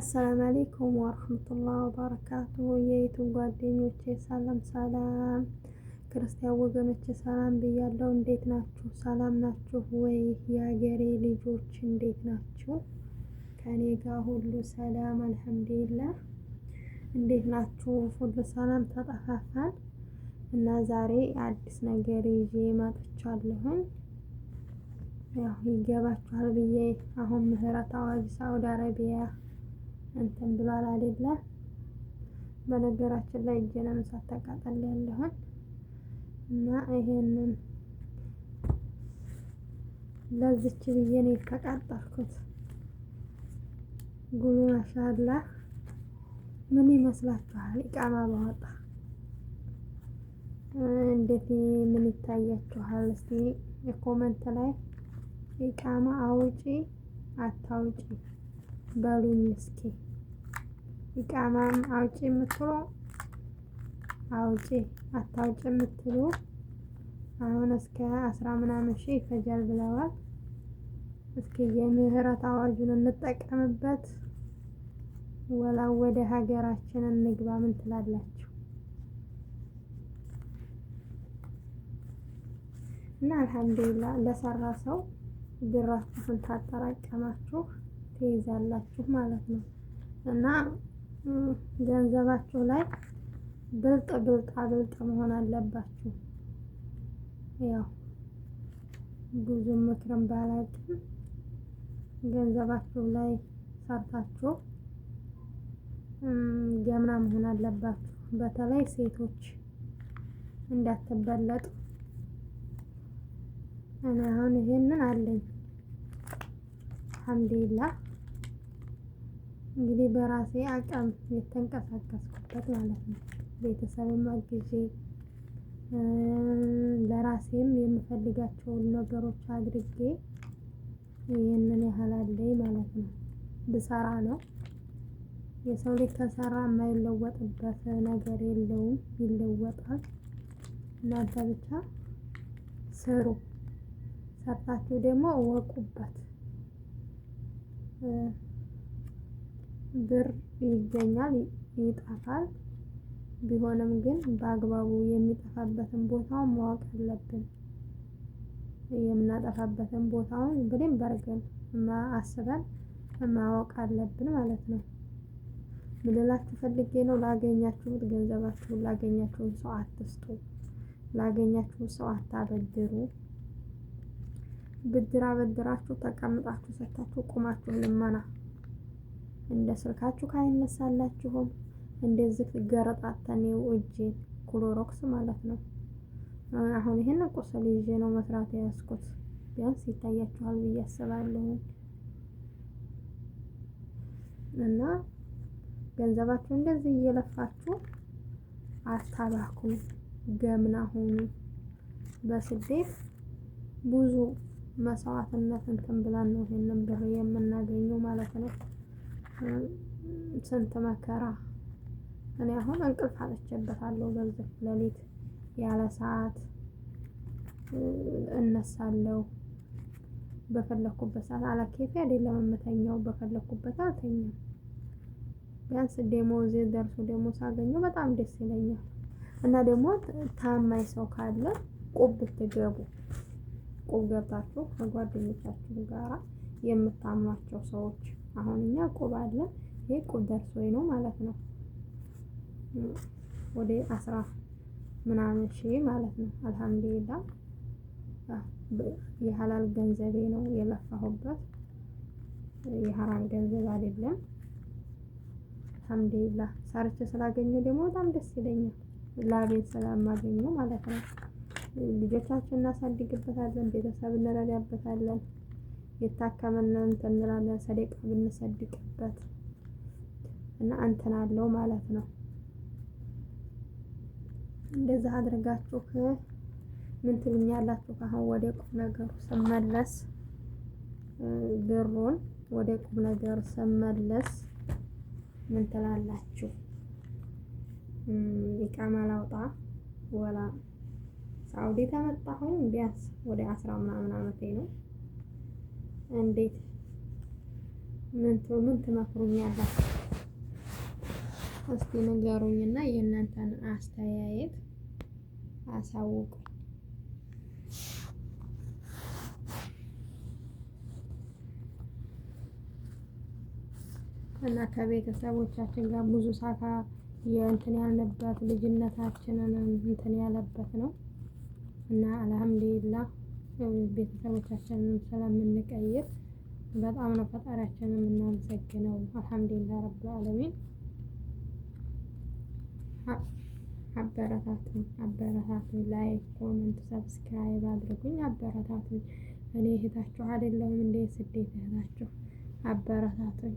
አሰላም አሌይኩም ወረህመቱላህ ወበረካቱ የይቱ ጓደኞቼ ሰላም ሰላም፣ ክርስቲያን ወገኖቼ ሰላም ብያለሁ። እንዴት ናችሁ? ሰላም ናችሁ ወይ? የአገሬ ልጆች እንዴት ናችሁ? ከኔ ጋር ሁሉ ሰላም አልሐምዱሊላህ። እንዴት ናችሁ? ሁሉ ሰላም ተጠፋፋን እና ዛሬ አዲስ ነገር ይዤ መጥቻለሁኝ። ያው ይገባችኋል ብዬ አሁን ምህረት አዋጅ ሳውዲ አረቢያ እንትን ብሏል አይደለ? በነገራችን ላይ እጄንም እሳት ተቃጠል ያለሁን እና ይሄንን ለዚች ብዬ ነው የተቃጠልኩት። ጉሉ ማሻላ ምን ይመስላችኋል? ኢቃማ ባወጣ እንዴት ምን ይታያችኋል? እስቲ የኮመንት ላይ ኢቃማ አውጪ አታውጪ በሉኝ እስኪ። ኢቃማም አውጪ የምትሉ አውጪ አታውጪ የምትሉ አሁን እስከ አስራ ምናምን ሺህ ይፈጃል ብለዋል። እስኪ የምህረት አዋጁን እንጠቀምበት፣ ወላ ወደ ሀገራችን እንግባ። ምን ትላላችሁ? እና አልሐምዱሊላህ ለሰራ ሰው ብራችሁን ታጠራቀማችሁ ትይዛላችሁ ማለት ነው እና ገንዘባችሁ ላይ ብልጥ ብልጥ አብልጥ መሆን አለባችሁ። ያው ብዙ ምክርም ባላውቅም ገንዘባችሁ ላይ ሰርታችሁ ገምና መሆን አለባችሁ። በተለይ ሴቶች እንዳትበለጡ። እኔ አሁን ይሄንን አለኝ አልሐምዱሊላህ እንግዲህ በራሴ አቅም የተንቀሳቀስኩበት ማለት ነው። ቤተሰብም አግዤ ለራሴም የምፈልጋቸውን ነገሮች አድርጌ ይህንን ያህል አለኝ ማለት ነው። ብሰራ ነው የሰው ልጅ ከሰራ የማይለወጥበት ነገር የለውም፣ ይለወጣል። እናንተ ብቻ ስሩ፣ ሰርታችሁ ደግሞ እወቁበት። ብር ይገኛል ይጠፋል። ቢሆንም ግን በአግባቡ የሚጠፋበትን ቦታውን ማወቅ አለብን። የምናጠፋበትን ቦታውን በደንብ አድርገን አስበን ማወቅ አለብን ማለት ነው። ምልላችሁ ፈልጌ ነው? ላገኛችሁት ገንዘባችሁ ላገኛችሁን ሰው አትስጡ። ላገኛችሁ ሰው አታበድሩ። ብድር አበድራችሁ ተቀምጣችሁ ሰታችሁ ቁማችሁ ልመና እንደ ስልካችሁ ካይነሳላችሁም እንደዚህ ገረጣተኔው እጅ ክሎሮክስ ማለት ነው። አሁን ይህን ቁስል ይዤ ነው መስራት የያዝኩት። ቢያንስ ይታያችኋል ብዬ አስባለሁ። እና ገንዘባችሁ እንደዚህ እየለፋችሁ አታባኩም ገምና ሆኑ። በስደት ብዙ መስዋዕትነት እንትን ብለን ነው ይሄንን ብር የምናገኘው ማለት ነው። ስንት መከራ እኔ አሁን እንቅልፍ አጥቼበታለሁ። በዚህ ሌሊት ያለ ሰዓት እነሳለሁ። በፈለኩበት ሰዓት አላኬፍ አይደለም የምተኛው፣ በፈለኩበት አልተኛም። ቢያንስ ደሞዝ ደርሶ ደግሞ ሳገኘው በጣም ደስ ይለኛል። እና ደግሞ ታማኝ ሰው ካለ ቁብ ብትገቡ ቁብ ገብታችሁ ከጓደኞቻችሁ ጋራ የምታምኗቸው ሰዎች አሁን እኛ ቁብ አለ። ይሄ ቁብ ወይ ነው ማለት ነው። ወደ አስራ ምናምን ሺህ ማለት ነው። አልሐምዱሊላህ የሀላል ገንዘቤ ነው የለፋሁበት፣ የሀራም ገንዘብ አይደለም። አልሐምዱሊላህ ሰርቼ ስላገኘሁ ደግሞ በጣም ደስ ይለኛል። ላቤን ስለማገኘው ማለት ነው። ልጆቻችን እናሳድግበታለን፣ ቤተሰብ እንረዳበታለን። የታከመና እንትን እንላለን ሰደቃ ብንሰድቅበት እና እንትን አለው ማለት ነው። እንደዛ አድርጋችሁ ምን ትሉኛላችሁ? ካሁን ወደ ቁም ነገሩ ስመለስ ብሩን ወደ ቁም ነገሩ ስመለስ ምን ትላላችሁ? ኢቃማ ላውጣ ወላ ሳውዲ ተመጣሁኝ ቢያንስ ወደ አስራ ምናምን አመቴ ነው። እንዴት ምን ምን ትመክሩኛላችሁ? እስቲ ንገሩኝና የእናንተን አስተያየት አሳውቁ። እና ከቤተሰቦቻችን ጋር ብዙ ሳካ የእንትን ያልንበት ልጅነታችንን እንትን ያለበት ነው እና አልሐምዱሊላህ ቤተሰቦቻችንን ስለምንቀይር በጣም ነው ፈጣሪያችንን የምናመሰግነው። አልሐምዱሊላህ ረብል ዓለሚን። አበረታቱኝ አበረታቱኝ፣ ላይክ ኮመንት፣ ሰብስክራይብ አድርጉኝ፣ አበረታቱኝ። እኔ እህታችሁ አይደለሁም እንዴ? ስደት እህታችሁ አበረታቱኝ።